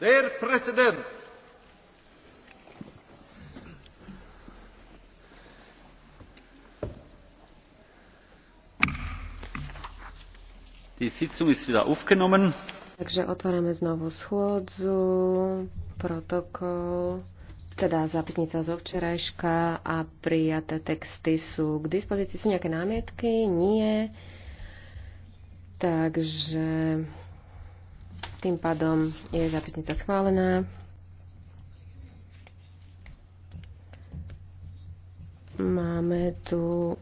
Dear President, Die Sitzung ist wieder aufgenommen. Takže otvárame znovu schôdzu, protokol, teda zápisnica zo včerajška a prijaté texty sú k dispozícii. Sú nejaké námietky? Nie. Takže tým pádom je zápisnica schválená. Máme tu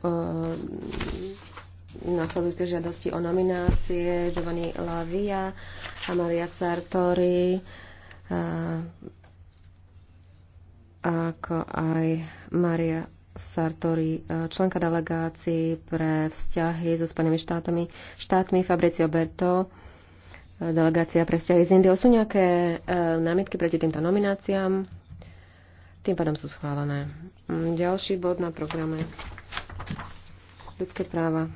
e, nasledujúce žiadosti o nominácie Giovanni Lavia, Amalia Sartori, e, ako aj Maria Sartori, e, členka delegácií pre vzťahy so Spojenými štátmi, štátmi Fabricio Berto, delegácia pre vzťahy z Indiou. Sú nejaké e, námietky proti týmto nomináciám? Tým pádom sú schválené. Mm, ďalší bod na programe. Ľudské práva.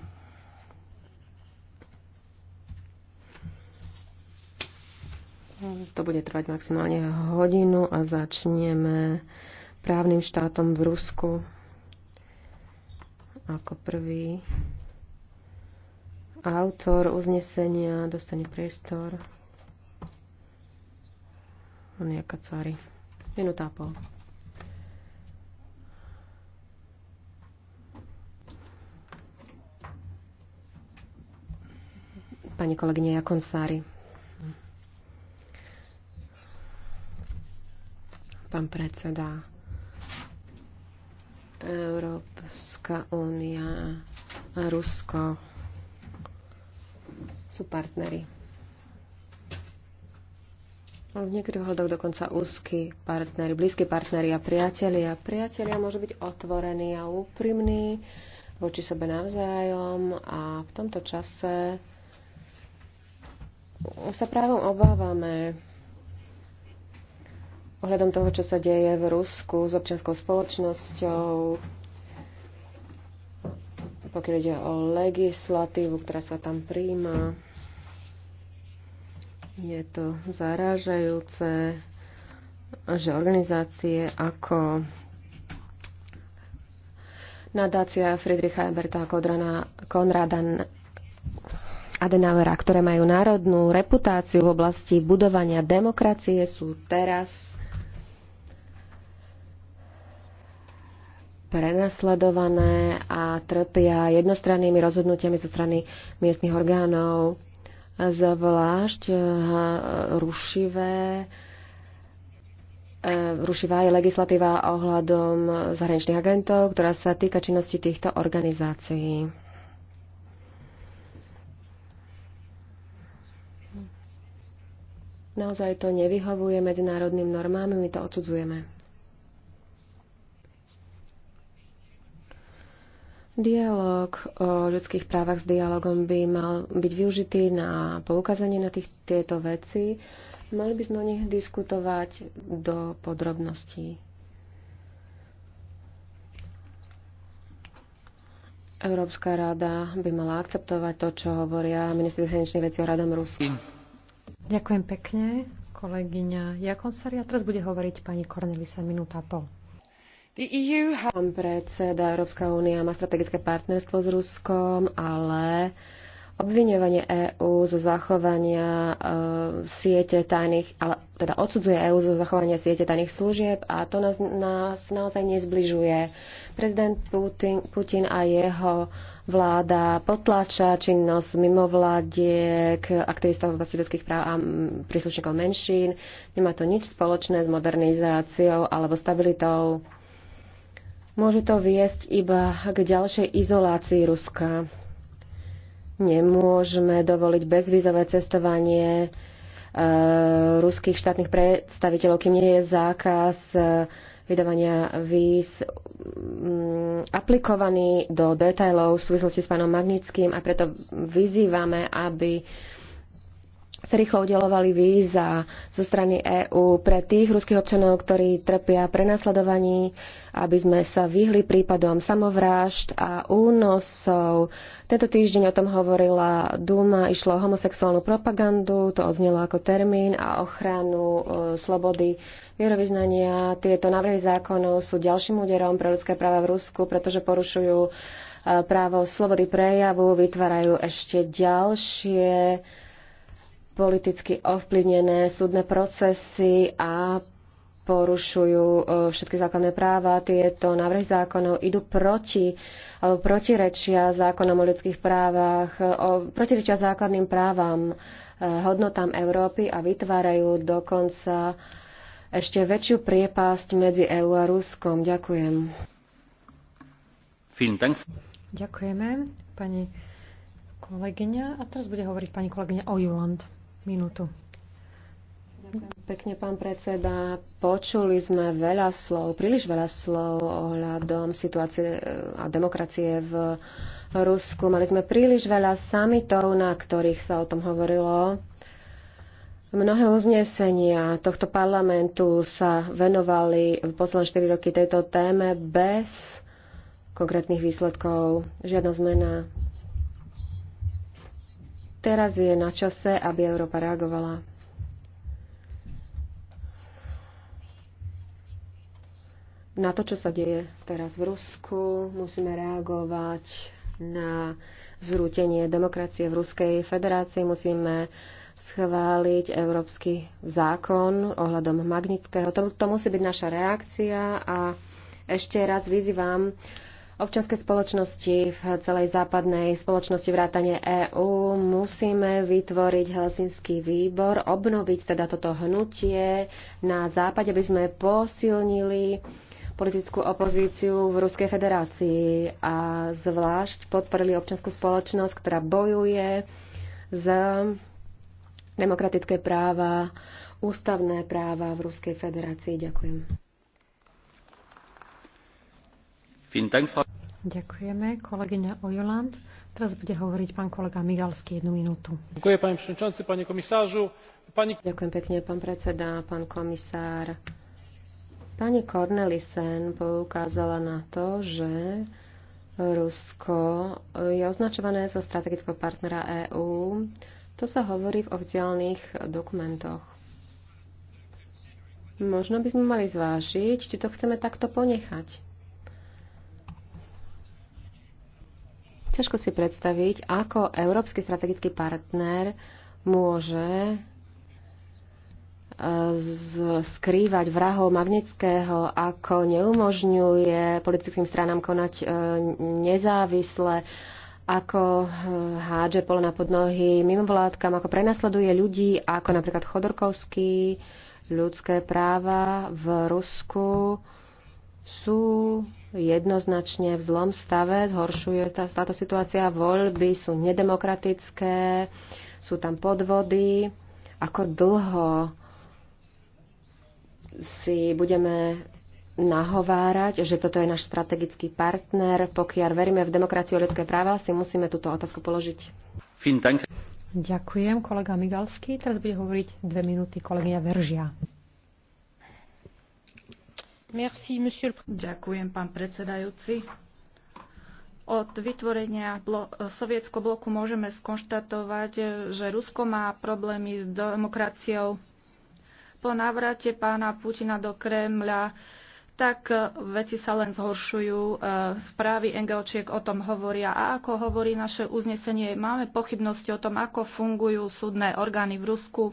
To bude trvať maximálne hodinu a začneme právnym štátom v Rusku ako prvý. Autor uznesenia dostane priestor. On Ania Kacári. Minúta a pol. Pani kolegyne Jakonsári. Pán predseda. Európska únia a Rusko sú partnery. V niektorých hľadoch dokonca úzky partnery, blízki partnery a priatelia. Priatelia môžu byť otvorení a úprimní voči sebe navzájom a v tomto čase sa právom obávame ohľadom toho, čo sa deje v Rusku s občianskou spoločnosťou, pokiaľ ide o legislatívu, ktorá sa tam príjma. Je to zarážajúce, že organizácie ako nadácia Friedricha Eberta Kodrana, Konrada Adenauera, ktoré majú národnú reputáciu v oblasti budovania demokracie, sú teraz prenasledované a trpia jednostrannými rozhodnutiami zo strany miestnych orgánov zvlášť eh, rušivé eh, rušivá je legislatíva ohľadom zahraničných agentov, ktorá sa týka činnosti týchto organizácií. Naozaj to nevyhovuje medzinárodným normám, my to odsudzujeme. Dialóg o ľudských právach s dialogom by mal byť využitý na poukázanie na tých, tieto veci. Mali by sme o nich diskutovať do podrobností. Európska rada by mala akceptovať to, čo hovoria ministri zahraničných vecí o radom Rusy. Ďakujem pekne, kolegyňa Jakonsaria. Teraz bude hovoriť pani Kornelisa minúta a pol. E Pán predseda, Európska únia má strategické partnerstvo s Ruskom, ale obviňovanie EÚ zo zachovania e, siete tajných, ale teda odsudzuje EÚ zo zachovania siete tajných služieb a to nás, nás naozaj nezbližuje. Prezident Putin, Putin a jeho vláda potláča činnosť mimovládiek, aktivistov v oblasti ľudských práv a príslušníkov menšín. Nemá to nič spoločné s modernizáciou alebo stabilitou Môže to viesť iba k ďalšej izolácii Ruska. Nemôžeme dovoliť bezvízové cestovanie e, ruských štátnych predstaviteľov, kým nie je zákaz e, vydávania víz m, mm, aplikovaný do detajlov v súvislosti s pánom Magnickým a preto vyzývame, aby sa rýchlo udelovali víza zo strany EÚ pre tých ruských občanov, ktorí trpia prenasledovaní, aby sme sa vyhli prípadom samovrážd a únosov. Tento týždeň o tom hovorila Duma, išlo o homosexuálnu propagandu, to odznelo ako termín a ochranu e, slobody vierovýznania. Tieto návrhy zákonov sú ďalším úderom pre ľudské práva v Rusku, pretože porušujú e, právo slobody prejavu, vytvárajú ešte ďalšie politicky ovplyvnené súdne procesy a porušujú e, všetky základné práva. Tieto návrhy zákonov idú proti alebo protirečia zákonom o ľudských právach, e, o, protirečia základným právam, e, hodnotám Európy a vytvárajú dokonca ešte väčšiu priepasť medzi EÚ a Ruskom. Ďakujem. Ďakujeme, pani kolegyňa. A teraz bude hovoriť pani kolegyňa Ojuland minútu. Ďakujem pekne, pán predseda. Počuli sme veľa slov, príliš veľa slov ohľadom situácie e, a demokracie v Rusku. Mali sme príliš veľa samitov, na ktorých sa o tom hovorilo. Mnohé uznesenia tohto parlamentu sa venovali v posledné 4 roky tejto téme bez konkrétnych výsledkov. Žiadna zmena Teraz je na čase, aby Európa reagovala. Na to, čo sa deje teraz v Rusku, musíme reagovať na zrútenie demokracie v Ruskej federácii. Musíme schváliť európsky zákon ohľadom Magnického. To, to musí byť naša reakcia a ešte raz vyzývam občianskej spoločnosti v celej západnej spoločnosti vrátane EÚ musíme vytvoriť Helsinský výbor, obnoviť teda toto hnutie na západe, aby sme posilnili politickú opozíciu v Ruskej federácii a zvlášť podporili občanskú spoločnosť, ktorá bojuje za demokratické práva, ústavné práva v Ruskej federácii. Ďakujem. Ďakujeme, kolegyňa Ojoland. Teraz bude hovoriť pán kolega Migalsky jednu minútu. Ďakujem, pán predsedajúci, pani komisážu. Pani... Ďakujem pekne, pán predseda, pán komisár. Pani Cornelisen poukázala na to, že Rusko je označované za strategického partnera EÚ. To sa hovorí v oficiálnych dokumentoch. Možno by sme mali zvážiť, či to chceme takto ponechať Ťažko si predstaviť, ako európsky strategický partner môže e, skrývať vrahov Magnického, ako neumožňuje politickým stranám konať e, nezávisle, ako e, hádže pole na podnohy mimovládkam, ako prenasleduje ľudí, ako napríklad Chodorkovský, ľudské práva v Rusku, sú jednoznačne v zlom stave, zhoršuje tá, táto situácia, voľby sú nedemokratické, sú tam podvody. Ako dlho si budeme nahovárať, že toto je náš strategický partner. Pokiaľ veríme v demokraciu a ľudské práva, si musíme túto otázku položiť. Ďakujem, kolega Migalský. Teraz bude hovoriť dve minúty kolegyňa Veržia. Ďakujem, pán predsedajúci. Od vytvorenia Sovietskeho sovietského bloku môžeme skonštatovať, že Rusko má problémy s demokraciou. Po návrate pána Putina do Kremľa tak e, veci sa len zhoršujú. E, správy NGOčiek o tom hovoria. A ako hovorí naše uznesenie, máme pochybnosti o tom, ako fungujú súdne orgány v Rusku.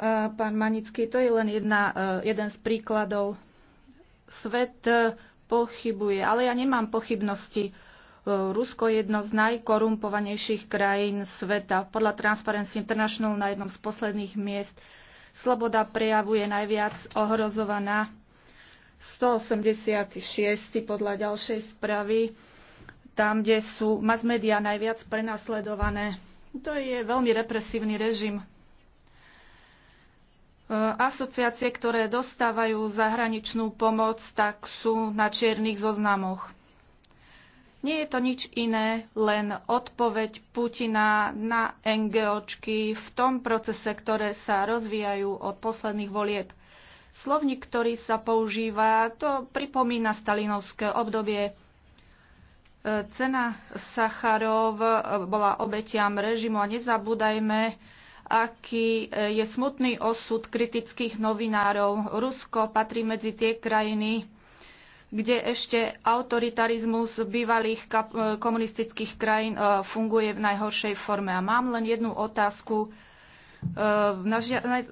Eh, pán Manický, to je len jedna, eh, jeden z príkladov. Svet eh, pochybuje, ale ja nemám pochybnosti. Rusko je jedno z najkorumpovanejších krajín sveta. Podľa Transparency International na jednom z posledných miest sloboda prejavu je najviac ohrozovaná. 186. podľa ďalšej správy, tam, kde sú mass media najviac prenasledované. To je veľmi represívny režim. E, asociácie, ktoré dostávajú zahraničnú pomoc, tak sú na čiernych zoznamoch. Nie je to nič iné, len odpoveď Putina na NGOčky v tom procese, ktoré sa rozvíjajú od posledných volieb. Slovník, ktorý sa používa, to pripomína stalinovské obdobie. E, cena Sacharov bola obetiam režimu a nezabúdajme, aký e, je smutný osud kritických novinárov. Rusko patrí medzi tie krajiny, kde ešte autoritarizmus bývalých e, komunistických krajín e, funguje v najhoršej forme. A mám len jednu otázku. Na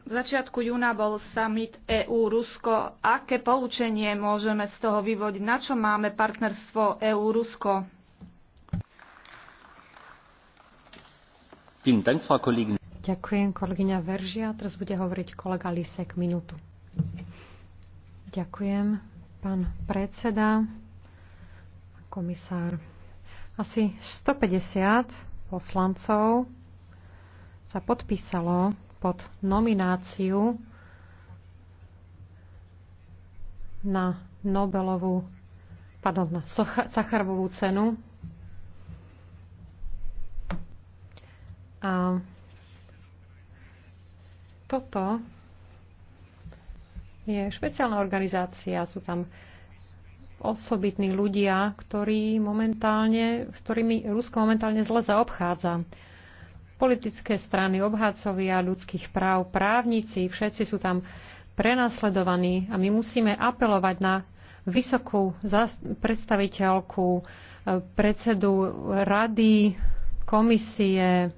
začiatku júna bol summit EU-Rusko. Aké poučenie môžeme z toho vyvodiť? Na čo máme partnerstvo EU-Rusko? Vielen Dank, Frau Kollegin Ďakujem, kolegyňa Veržia. Teraz bude hovoriť kolega Lisek minútu. Ďakujem, pán predseda, komisár. Asi 150 poslancov sa podpísalo pod nomináciu na Nobelovú, pardon, na Sacharovú cenu. A toto je špeciálna organizácia, sú tam osobitní ľudia, ktorí momentálne, s ktorými Rusko momentálne zle zaobchádza. Politické strany, obhácovia ľudských práv, právnici, všetci sú tam prenasledovaní a my musíme apelovať na vysokú predstaviteľku, eh, predsedu rady, komisie,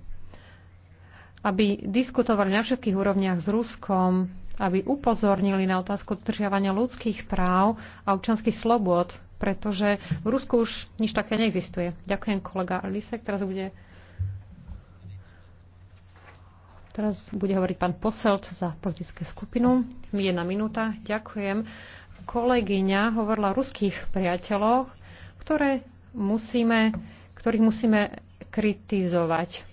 aby diskutovali na všetkých úrovniach s Ruskom, aby upozornili na otázku dodržiavania ľudských práv a občanských slobod, pretože v Rusku už nič také neexistuje. Ďakujem kolega Lisek. Teraz bude, teraz bude hovoriť pán Poselt za politické skupinu. Jedna minúta. Ďakujem. Kolegyňa hovorila o ruských priateľoch, ktoré musíme, ktorých musíme kritizovať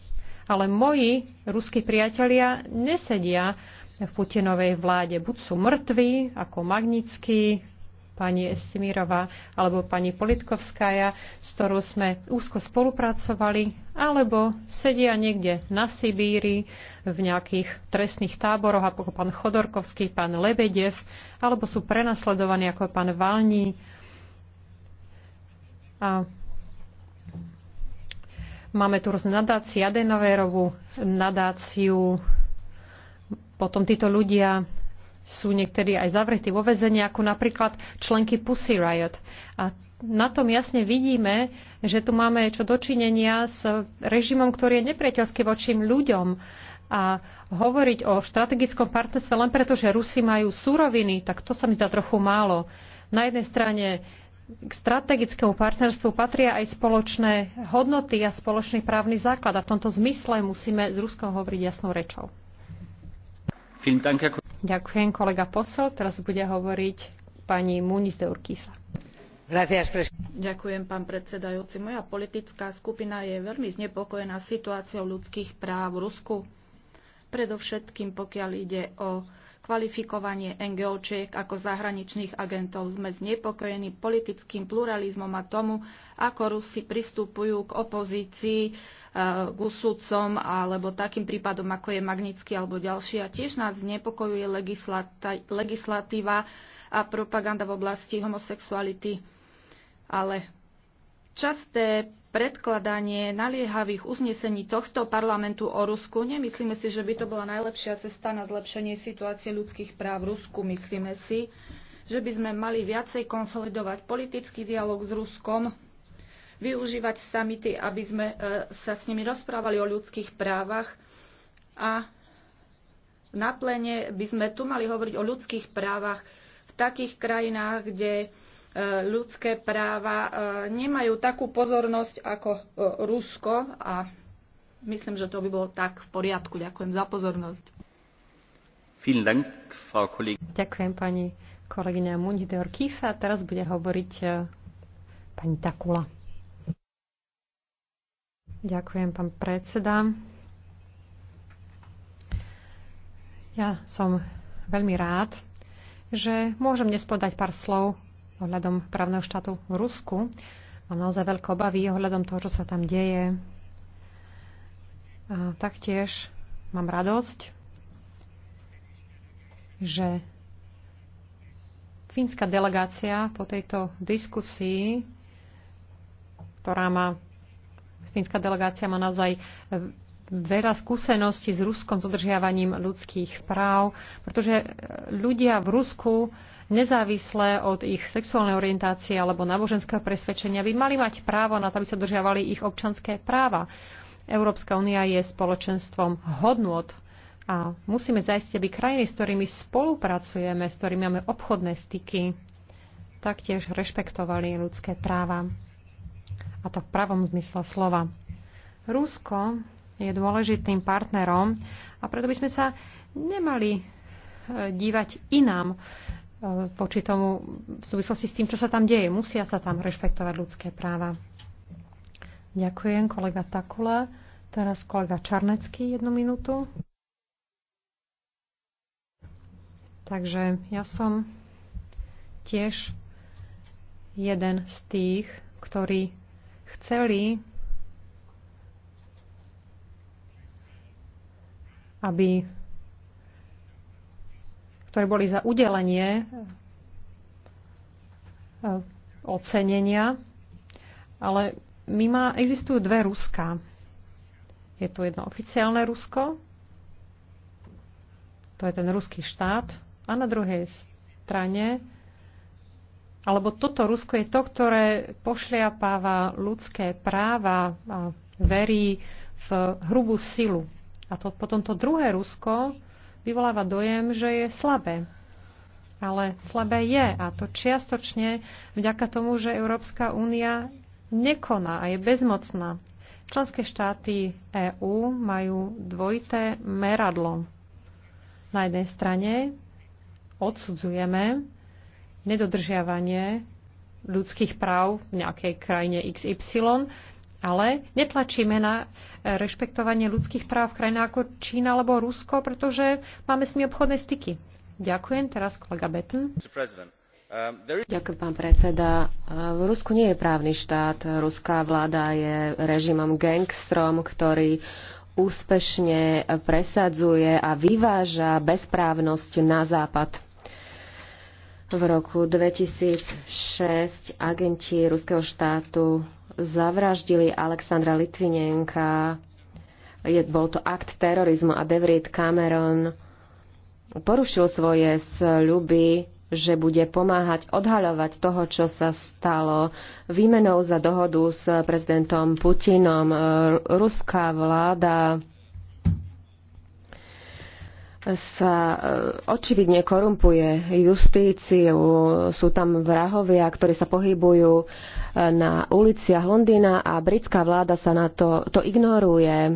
ale moji ruskí priatelia nesedia v Putinovej vláde. Buď sú mŕtvi, ako Magnický, pani Estimirova alebo pani Politkovskája, s ktorou sme úzko spolupracovali, alebo sedia niekde na Sibíri v nejakých trestných táboroch, ako pán Chodorkovský, pán Lebedev, alebo sú prenasledovaní ako pán Valní. A Máme tu rôzne nadácie, Adenovérovú nadáciu. Potom títo ľudia sú niektorí aj zavretí vo vezení, ako napríklad členky Pussy Riot. A na tom jasne vidíme, že tu máme čo dočinenia s režimom, ktorý je nepriateľský vočím ľuďom. A hovoriť o strategickom partnerstve len preto, že Rusi majú súroviny, tak to sa mi zdá trochu málo. Na jednej strane k strategickému partnerstvu patria aj spoločné hodnoty a spoločný právny základ. A v tomto zmysle musíme s Ruskom hovoriť jasnou rečou. Ďakujem, kolega Posol. Teraz bude hovoriť pani Muniz de Urquiza. Ďakujem, pán predsedajúci. Moja politická skupina je veľmi znepokojená situáciou ľudských práv v Rusku. Predovšetkým, pokiaľ ide o kvalifikovanie NGOčiek ako zahraničných agentov. Sme znepokojení politickým pluralizmom a tomu, ako Rusi pristupujú k opozícii, e, k usudcom alebo takým prípadom, ako je Magnický alebo ďalší. A tiež nás znepokojuje legislatíva a propaganda v oblasti homosexuality. Ale časté predkladanie naliehavých uznesení tohto parlamentu o Rusku. Nemyslíme si, že by to bola najlepšia cesta na zlepšenie situácie ľudských práv v Rusku. Myslíme si, že by sme mali viacej konsolidovať politický dialog s Ruskom, využívať samity, aby sme e, sa s nimi rozprávali o ľudských právach a na plene by sme tu mali hovoriť o ľudských právach v takých krajinách, kde E, ľudské práva e, nemajú takú pozornosť ako e, Rusko a myslím, že to by bolo tak v poriadku. Ďakujem za pozornosť. Ďakujem pani kolegyňa Munidor Kisa. Teraz bude hovoriť pani Takula. Ďakujem, pán predseda. Ja som veľmi rád, že môžem dnes podať pár slov ohľadom právneho štátu v Rusku. Mám naozaj veľké obavy ohľadom toho, čo sa tam deje. A taktiež mám radosť, že fínska delegácia po tejto diskusii, ktorá má, fínska delegácia má naozaj veľa skúseností s Ruskom s udržiavaním ľudských práv, pretože ľudia v Rusku nezávisle od ich sexuálnej orientácie alebo náboženského presvedčenia, by mali mať právo na to, aby sa držiavali ich občanské práva. Európska únia je spoločenstvom hodnot a musíme zaistiť, aby krajiny, s ktorými spolupracujeme, s ktorými máme obchodné styky, taktiež rešpektovali ľudské práva. A to v pravom zmysle slova. Rusko je dôležitým partnerom a preto by sme sa nemali e, dívať inám E, voči tomu v súvislosti s tým, čo sa tam deje. Musia sa tam rešpektovať ľudské práva. Ďakujem, kolega Takula. Teraz kolega Čarnecký, jednu minútu. Takže ja som tiež jeden z tých, ktorí chceli, aby ktoré boli za udelenie e, ocenenia. Ale mimo existujú dve Ruska. Je tu jedno oficiálne Rusko, to je ten ruský štát, a na druhej strane, alebo toto Rusko je to, ktoré pošliapáva ľudské práva a verí v hrubú silu. A to, potom to druhé Rusko, vyvoláva dojem, že je slabé. Ale slabé je a to čiastočne vďaka tomu, že Európska únia nekoná a je bezmocná. Členské štáty EÚ majú dvojité meradlo. Na jednej strane odsudzujeme nedodržiavanie ľudských práv v nejakej krajine XY ale netlačíme na e, rešpektovanie ľudských práv v krajinách ako Čína alebo Rusko, pretože máme s nimi obchodné styky. Ďakujem. Teraz kolega Betten. Um, Ďakujem, pán predseda. V Rusku nie je právny štát. Ruská vláda je režimom gangstrom, ktorý úspešne presadzuje a vyváža bezprávnosť na západ. V roku 2006 agenti ruského štátu zavraždili Alexandra Litvinenka. Je, bol to akt terorizmu a David Cameron porušil svoje sľuby, že bude pomáhať odhaľovať toho, čo sa stalo výmenou za dohodu s prezidentom Putinom. Ruská vláda sa e, očividne korumpuje justíciu. Sú tam vrahovia, ktorí sa pohybujú e, na uliciach Londýna a britská vláda sa na to, to ignoruje. E,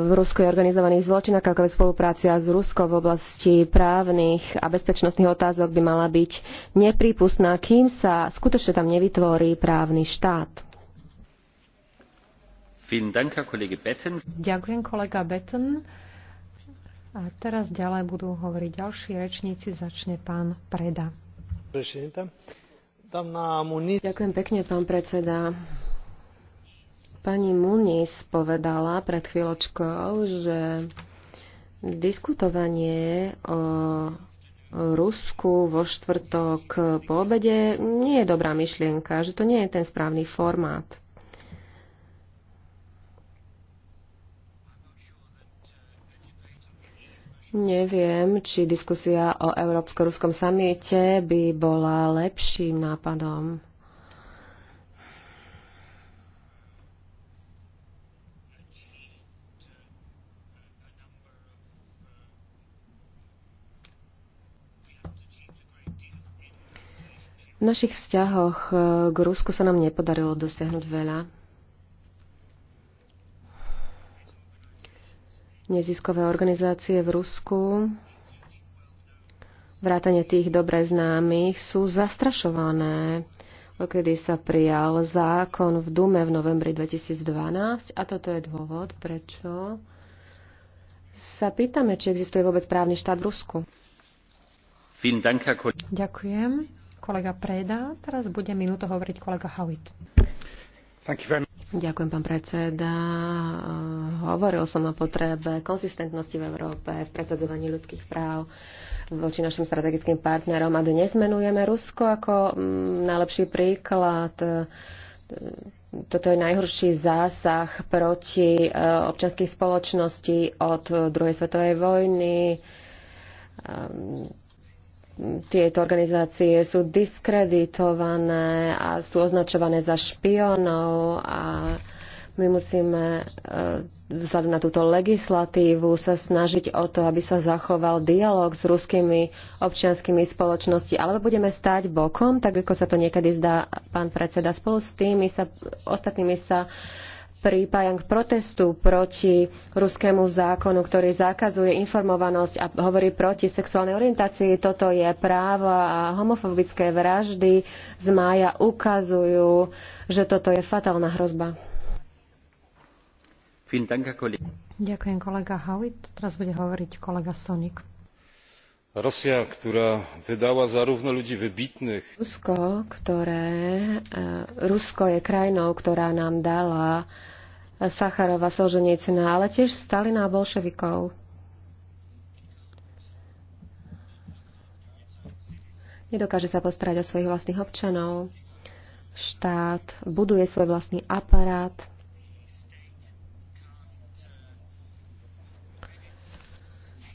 v Rusku je organizovaný zločin, ako je spolupráca s Ruskou v oblasti právnych a bezpečnostných otázok by mala byť neprípustná, kým sa skutočne tam nevytvorí právny štát. Ďakujem, kolega Betten. A teraz ďalej budú hovoriť ďalší rečníci. Začne pán Preda. Ďakujem pekne, pán predseda. Pani Muniz povedala pred chvíľočkou, že diskutovanie o Rusku vo štvrtok po obede nie je dobrá myšlienka, že to nie je ten správny formát. Neviem, či diskusia o Európsko-Ruskom samiete by bola lepším nápadom. V našich vzťahoch eh, k Rusku sa nám nepodarilo dosiahnuť veľa. neziskové organizácie v Rusku, vrátane tých dobre známych, sú zastrašované, kedy sa prijal zákon v Dume v novembri 2012 a toto je dôvod, prečo sa pýtame, či existuje vôbec právny štát v Rusku. Ďakujem. Kolega Preda, teraz bude minúto hovoriť kolega Howitt. Ďakujem, pán predseda. Eh, hovoril som o potrebe konzistentnosti v Európe, v presadzovaní ľudských práv voči našim strategickým partnerom a dnes menujeme Rusko ako mm, najlepší príklad. Eh, toto je najhorší zásah proti eh, občanských spoločnosti od druhej svetovej vojny ehm, tieto organizácie sú diskreditované a sú označované za špionov a my musíme e, vzhľadom na túto legislatívu sa snažiť o to, aby sa zachoval dialog s ruskými občianskými spoločnosti, alebo budeme stáť bokom, tak ako sa to niekedy zdá pán predseda. Spolu s tými sa, ostatnými sa uh, pripájam k protestu proti ruskému zákonu, ktorý zakazuje informovanosť a hovorí proti sexuálnej orientácii. Toto je právo a homofobické vraždy z mája ukazujú, že toto je fatálna hrozba. Ďakujem kolega Hawit. Teraz bude hovoriť kolega Sonik. Rosja, ktorá vydala zarówno ľudí vybitných. Rusko, ktoré, e, Rusko je krajinou, ktorá nám dala Sacharova, Solženicina, ale tiež Stalina a bolševikov. Nedokáže sa postarať o svojich vlastných občanov. Štát buduje svoj vlastný aparát.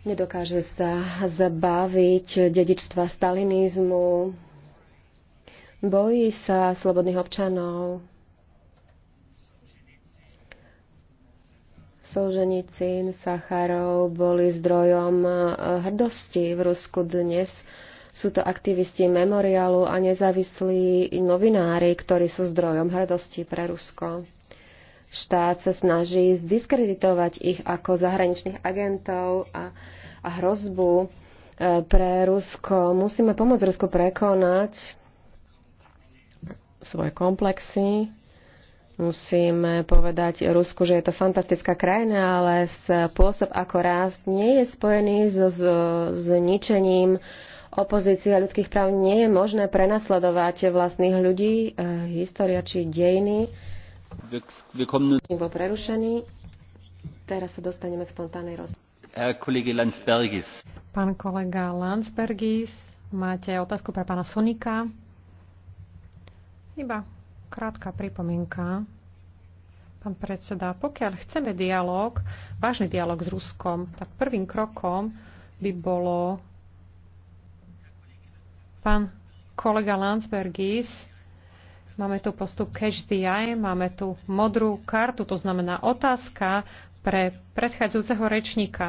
Nedokáže sa zabaviť dedičstva stalinizmu. Bojí sa slobodných občanov. Solženicín, Sacharov boli zdrojom e, hrdosti v Rusku dnes. Sú to aktivisti memoriálu a nezávislí novinári, ktorí sú zdrojom hrdosti pre Rusko. Štát sa snaží zdiskreditovať ich ako zahraničných agentov a, a hrozbu e, pre Rusko. Musíme pomôcť Rusku prekonať svoje komplexy, Musíme povedať Rusku, že je to fantastická krajina, ale spôsob, ako rást, nie je spojený so, so zničením opozície a ľudských práv. Nie je možné prenasledovať vlastných ľudí, eh, história či dejiny. Bol prerušený. Teraz sa dostaneme k spontánnej rozprave. Pán kolega Landsbergis, máte otázku pre pána Sonika? Iba Krátka pripomienka. Pán predseda, pokiaľ chceme dialog, vážny dialog s Ruskom, tak prvým krokom by bolo pán kolega Landsbergis, máme tu postup Catch the Eye, máme tu modrú kartu, to znamená otázka pre predchádzajúceho rečníka.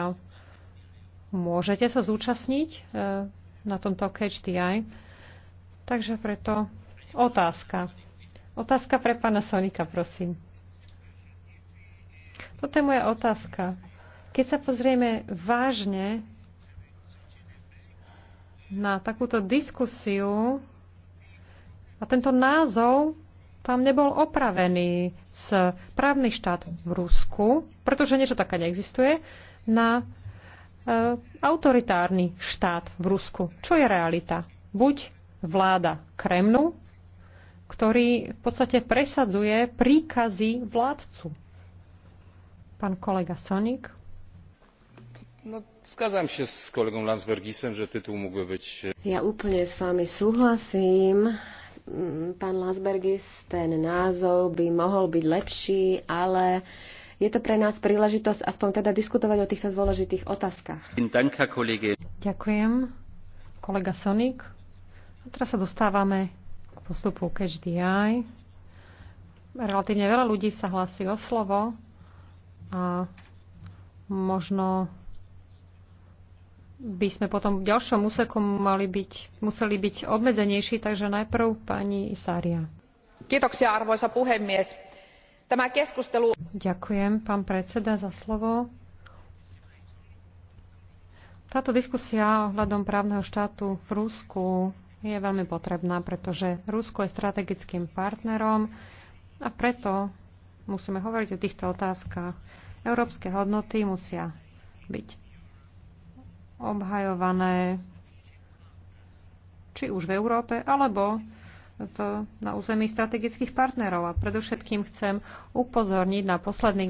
Môžete sa zúčastniť e, na tomto Catch the Eye? Takže preto otázka. Otázka pre pána Sonika, prosím. Toto je moja otázka. Keď sa pozrieme vážne na takúto diskusiu a tento názov tam nebol opravený z právny štát v Rusku, pretože niečo také neexistuje, na e, autoritárny štát v Rusku. Čo je realita? Buď vláda Kremlu, ktorý v podstate presadzuje príkazy vládcu. Pán kolega Sonik. No, zgadzam sa s kolegom Landsbergisem, že titul mógłby byť... E, ja úplne s vami súhlasím. Pán Landsbergis, ten názov by mohol byť lepší, ale je to pre nás príležitosť aspoň teda diskutovať o týchto dôležitých otázkach. Ďakujem, kolega Sonik. A teraz sa dostávame postupu KHDI. Relatívne veľa ľudí sa hlási o slovo a možno by sme potom v ďalšom úseku mali byť, museli byť obmedzenejší, takže najprv pani Isária. Kiitoksia, arvoisa puhemies. Tämä keskustelu... Ďakujem, pán predseda, za slovo. Táto diskusia ohľadom právneho štátu v Rúsku je veľmi potrebná, pretože Rusko je strategickým partnerom a preto musíme hovoriť o týchto otázkach. Európske hodnoty musia byť obhajované či už v Európe, alebo v, na území strategických partnerov. A predovšetkým chcem upozorniť na posledný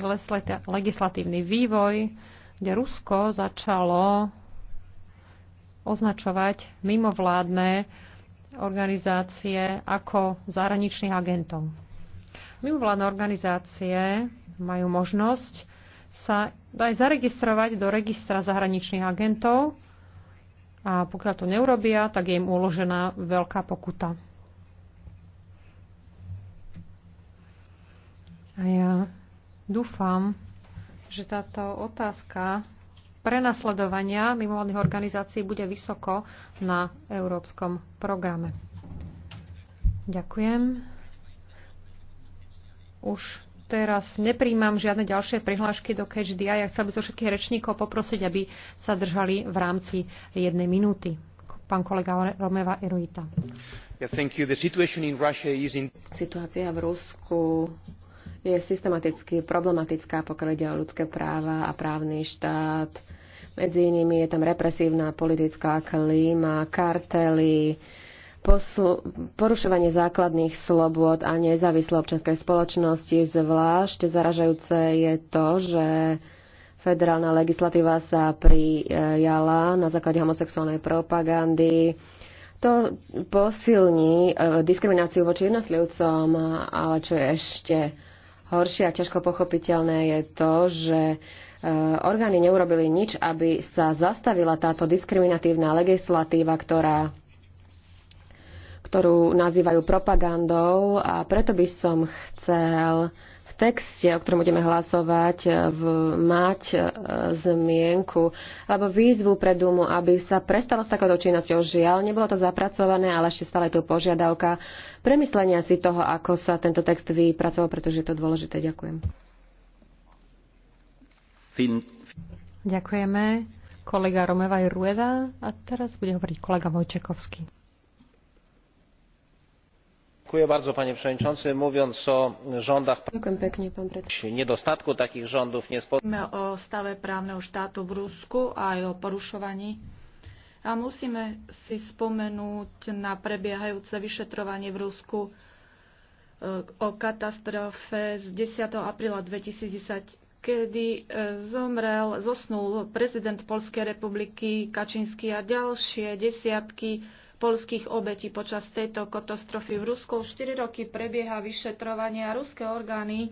legislatívny vývoj, kde Rusko začalo označovať mimovládne organizácie ako zahraničných agentov. Mimovládne organizácie majú možnosť sa aj zaregistrovať do registra zahraničných agentov a pokiaľ to neurobia, tak je im uložená veľká pokuta. A ja dúfam, že táto otázka prenasledovania mimovládnych organizácií bude vysoko na európskom programe. Ďakujem. Už teraz nepríjmam žiadne ďalšie prihlášky do Catch a Ja chcel by zo všetkých rečníkov poprosiť, aby sa držali v rámci jednej minúty. Pán kolega Romeva Eruita. Situácia v Rusku je systematicky problematická, pokiaľ ide o ľudské práva a právny štát medzi inými je tam represívna politická klíma, kartely, porušovanie základných slobôd a nezávislé občianskej spoločnosti. Zvlášť zaražajúce je to, že federálna legislatíva sa prijala na základe homosexuálnej propagandy. To posilní eh, diskrimináciu voči jednotlivcom, ale čo je ešte horšie a ťažko pochopiteľné je to, že E, orgány neurobili nič, aby sa zastavila táto diskriminatívna legislatíva, ktorá ktorú nazývajú propagandou a preto by som chcel v texte, o ktorom budeme hlasovať, e, v, mať e, zmienku alebo výzvu pre Dumu, aby sa prestalo s takouto činnosťou. Žiaľ, nebolo to zapracované, ale ešte stále je tu požiadavka premyslenia si toho, ako sa tento text vypracoval, pretože je to dôležité. Ďakujem. Ďakujeme. Kolega Romevaj Rueda a teraz bude hovoriť kolega Vojčekovský. Dziękuję bardzo panie przewodniczący. Mówiąc o rządach pekne, pan niedostatku takich rządów nie sposób. o stave právneho štátu v Rusku a aj o porušovaní a musíme si spomenúť na prebiehajúce vyšetrovanie v Rusku e, o katastrofe z 10. apríla 2010 kedy e, zomrel, zosnul prezident Polskej republiky Kačinsky a ďalšie desiatky polských obetí počas tejto katastrofy. V Rusku 4 roky prebieha vyšetrovanie a ruské orgány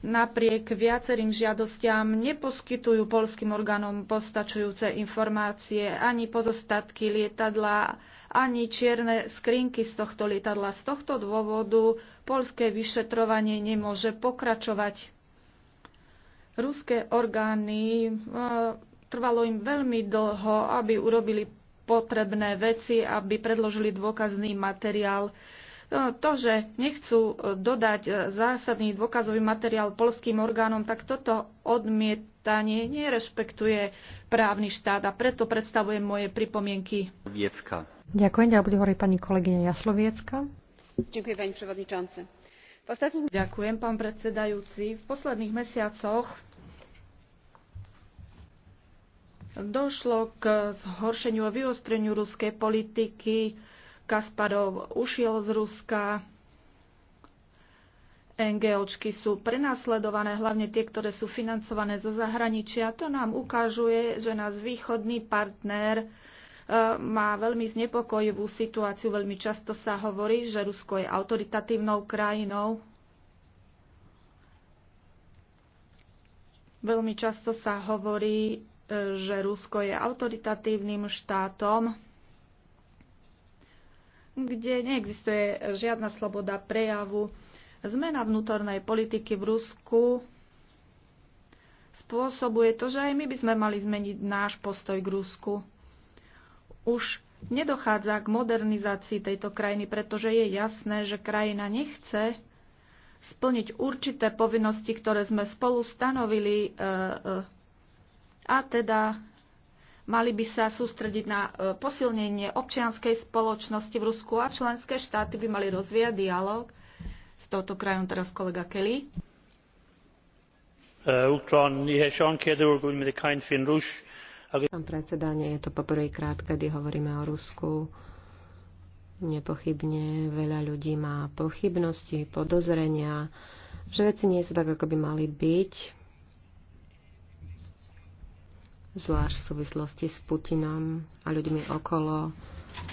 Napriek viacerým žiadostiam neposkytujú polským orgánom postačujúce informácie ani pozostatky lietadla, ani čierne skrinky z tohto lietadla. Z tohto dôvodu polské vyšetrovanie nemôže pokračovať. Ruské orgány eh, trvalo im veľmi dlho, aby urobili potrebné veci, aby predložili dôkazný materiál to, že nechcú e, dodať e, zásadný dôkazový materiál polským orgánom, tak toto odmietanie nerešpektuje právny štát a preto predstavujem moje pripomienky. Viecka. Ďakujem. Ja bude hovoriť pani kolegyňa Jasloviecka. Ďakujem, pani prevodničance. Ostatní... Ďakujem, pán predsedajúci. V posledných mesiacoch došlo k zhoršeniu a vyostreniu ruskej politiky Kasparov ušiel z Ruska. NGOčky sú prenasledované, hlavne tie, ktoré sú financované zo zahraničia. To nám ukážuje, že nás východný partner e, má veľmi znepokojivú situáciu. Veľmi často sa hovorí, že Rusko je autoritatívnou krajinou. Veľmi často sa hovorí, e, že Rusko je autoritatívnym štátom kde neexistuje žiadna sloboda prejavu. Zmena vnútornej politiky v Rusku spôsobuje to, že aj my by sme mali zmeniť náš postoj k Rusku. Už nedochádza k modernizácii tejto krajiny, pretože je jasné, že krajina nechce splniť určité povinnosti, ktoré sme spolu stanovili e, e, a teda Mali by sa sústrediť na e, posilnenie občianskej spoločnosti v Rusku a členské štáty by mali rozvíjať dialog s touto krajom Teraz kolega Kelly. E, Pán predseda, nie je to poprvýkrát, kedy hovoríme o Rusku. Nepochybne veľa ľudí má pochybnosti, podozrenia, že veci nie sú tak, ako by mali byť zvlášť v súvislosti s Putinom a ľuďmi okolo.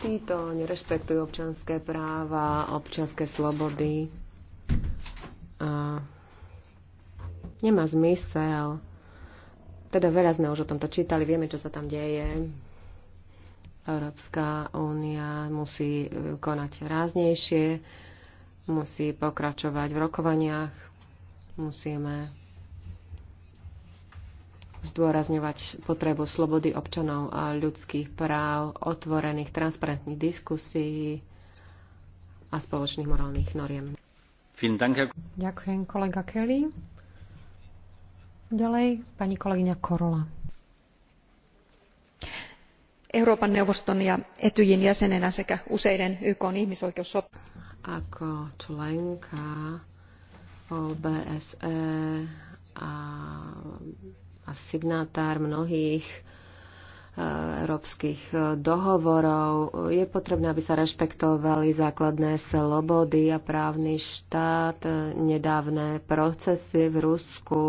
Títo nerešpektujú občanské práva, občanské slobody. A nemá zmysel. Teda veľa sme už o tomto čítali, vieme, čo sa tam deje. Európska únia musí e, konať ráznejšie, musí pokračovať v rokovaniach, musíme zdôrazňovať potrebu slobody občanov a ľudských práv, otvorených, transparentných diskusí a spoločných morálnych noriem. Ďakujem, kolega Kelly. Ďalej pani kolegyňa Korola. Euroopan neuvoston ja Etyjin jäsenenä sekä useiden YK ihmisoikeussopimusten ako členka OBSE a a signátár mnohých eh, európskych eh, dohovorov. Je potrebné, aby sa rešpektovali základné slobody a právny štát, eh, nedávne procesy v Rusku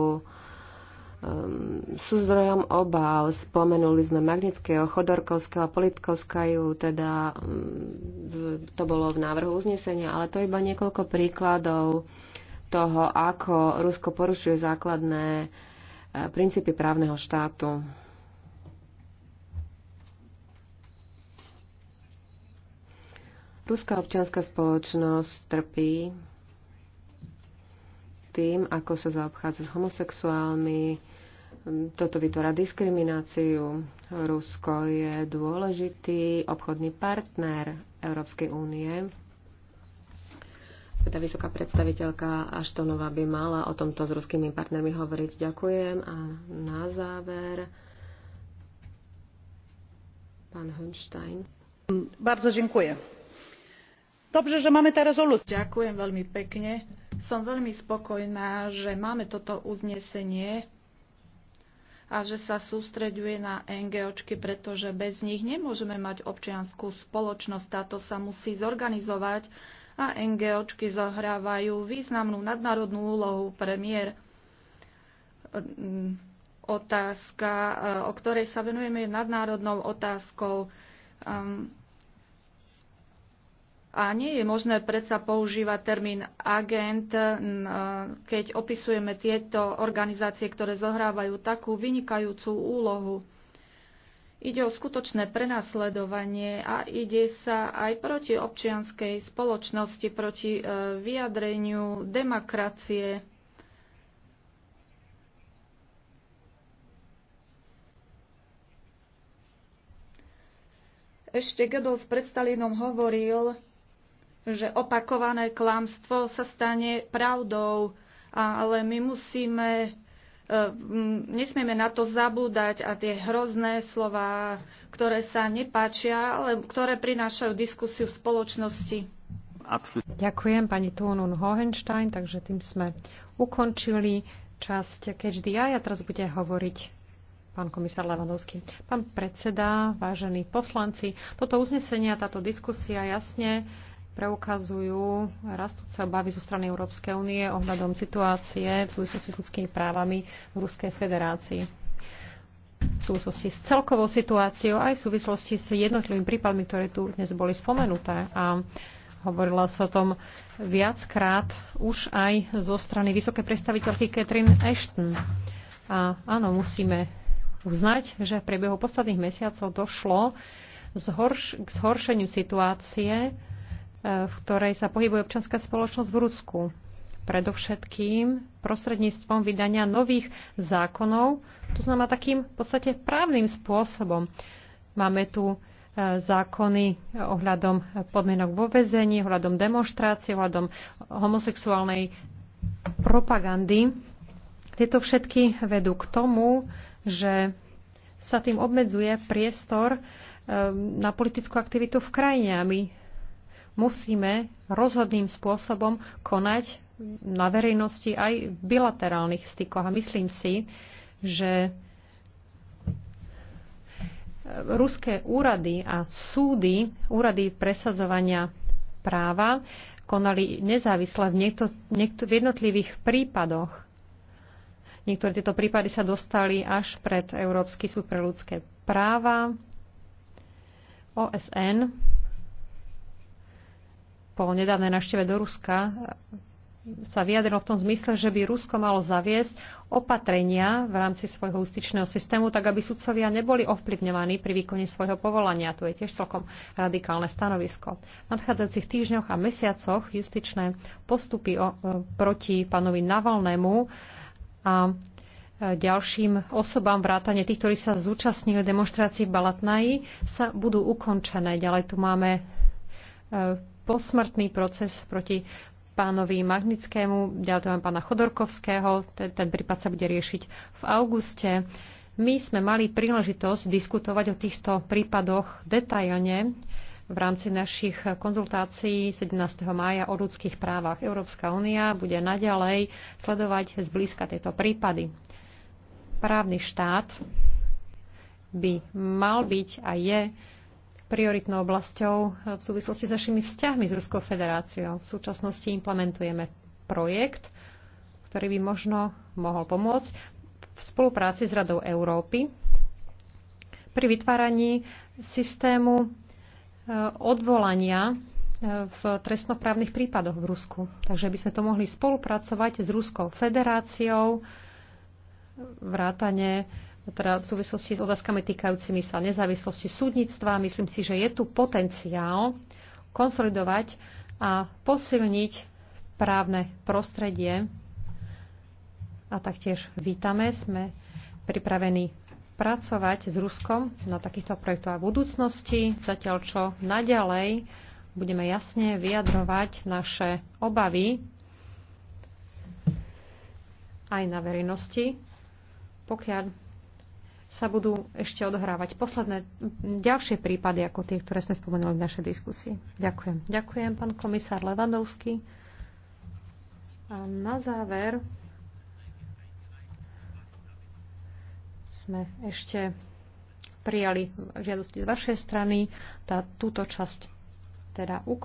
ehm, sú zdrojom obáv. Spomenuli sme Magnického, Chodorkovského a Politkovského, teda ehm, to bolo v návrhu uznesenia, ale to iba niekoľko príkladov toho, ako Rusko porušuje základné princípy právneho štátu. Ruská občianská spoločnosť trpí tým, ako sa zaobchádza s homosexuálmi. Toto vytvára diskrimináciu. Rusko je dôležitý obchodný partner Európskej únie teda vysoká predstaviteľka Aštonová by mala o tomto s ruskými partnermi hovoriť. Ďakujem. A na záver pán Hönstein. Bardzo dziękuję. Dobre, že máme tá rezolúciu. Ďakujem veľmi pekne. Som veľmi spokojná, že máme toto uznesenie a že sa sústreďuje na NGOčky, pretože bez nich nemôžeme mať občianskú spoločnosť. Táto sa musí zorganizovať a NGOčky zohrávajú významnú nadnárodnú úlohu premiér. Otázka, o ktorej sa venujeme, je nadnárodnou otázkou. A nie je možné predsa používať termín agent, keď opisujeme tieto organizácie, ktoré zohrávajú takú vynikajúcu úlohu. Ide o skutočné prenasledovanie a ide sa aj proti občianskej spoločnosti, proti e, vyjadreniu demokracie. Ešte Goebbels pred Stalinom hovoril, že opakované klamstvo sa stane pravdou, ale my musíme Ehm, nesmieme na to zabúdať a tie hrozné slova, ktoré sa nepáčia, ale ktoré prinášajú diskusiu v spoločnosti. Ďakujem pani Tónun Hohenstein, takže tým sme ukončili časť KHDI a teraz bude hovoriť pán komisár Levanovský. Pán predseda, vážení poslanci, toto uznesenie a táto diskusia jasne preukazujú rastúce obavy zo strany Európskej únie ohľadom situácie v súvislosti s ľudskými právami v Ruskej federácii. V súvislosti s celkovou situáciou aj v súvislosti s jednotlivými prípadmi, ktoré tu dnes boli spomenuté. A hovorila sa o tom viackrát už aj zo strany vysokej predstaviteľky Catherine Ashton. A áno, musíme uznať, že v priebehu posledných mesiacov došlo k zhoršeniu situácie v ktorej sa pohybuje občanská spoločnosť v Rusku. Predovšetkým prostredníctvom vydania nových zákonov, to znamená takým v podstate právnym spôsobom. Máme tu e, zákony ohľadom podmienok vo vezení, ohľadom demonstrácie, ohľadom homosexuálnej propagandy. Tieto všetky vedú k tomu, že sa tým obmedzuje priestor e, na politickú aktivitu v krajine. A my musíme rozhodným spôsobom konať na verejnosti aj v bilaterálnych stykoch. A myslím si, že ruské úrady a súdy, úrady presadzovania práva, konali nezávisle v, niekto, niekto, v jednotlivých prípadoch. Niektoré tieto prípady sa dostali až pred Európsky súd pre ľudské práva, OSN po nedávnej návšteve do Ruska e, sa vyjadrilo v tom zmysle, že by Rusko malo zaviesť opatrenia v rámci svojho justičného systému, tak aby sudcovia neboli ovplyvňovaní pri výkone svojho povolania. To je tiež celkom radikálne stanovisko. V nadchádzajúcich týždňoch a mesiacoch justičné postupy o, e, proti pánovi Navalnému a e, ďalším osobám vrátane tých, ktorí sa zúčastnili demonstrácií v Balatnaji, sa budú ukončené. Ďalej tu máme posmrtný proces proti pánovi Magnickému, ďalej to mám pána Chodorkovského, ten, ten prípad sa bude riešiť v auguste. My sme mali príležitosť diskutovať o týchto prípadoch detailne v rámci našich konzultácií 17. mája o ľudských právach. Európska únia bude naďalej sledovať zblízka tieto prípady. Právny štát by mal byť a je prioritnou oblasťou eh, v súvislosti s našimi vzťahmi s Ruskou federáciou. V súčasnosti implementujeme projekt, ktorý by možno mohol pomôcť v spolupráci s Radou Európy pri vytváraní systému eh, odvolania eh, v trestnoprávnych prípadoch v Rusku. Takže by sme to mohli spolupracovať s Ruskou federáciou, vrátane teda v súvislosti s otázkami týkajúcimi sa nezávislosti súdnictva. Myslím si, že je tu potenciál konsolidovať a posilniť právne prostredie. A taktiež vítame, sme pripravení pracovať s Ruskom na takýchto projektoch a budúcnosti, zatiaľ čo naďalej budeme jasne vyjadrovať naše obavy aj na verejnosti, pokiaľ sa budú ešte odohrávať posledné ďalšie prípady, ako tie, ktoré sme spomenuli v našej diskusii. Ďakujem. Ďakujem, pán komisár Levandovský. A na záver sme ešte prijali žiadosti z vašej strany. Tá, túto časť teda ukončujem.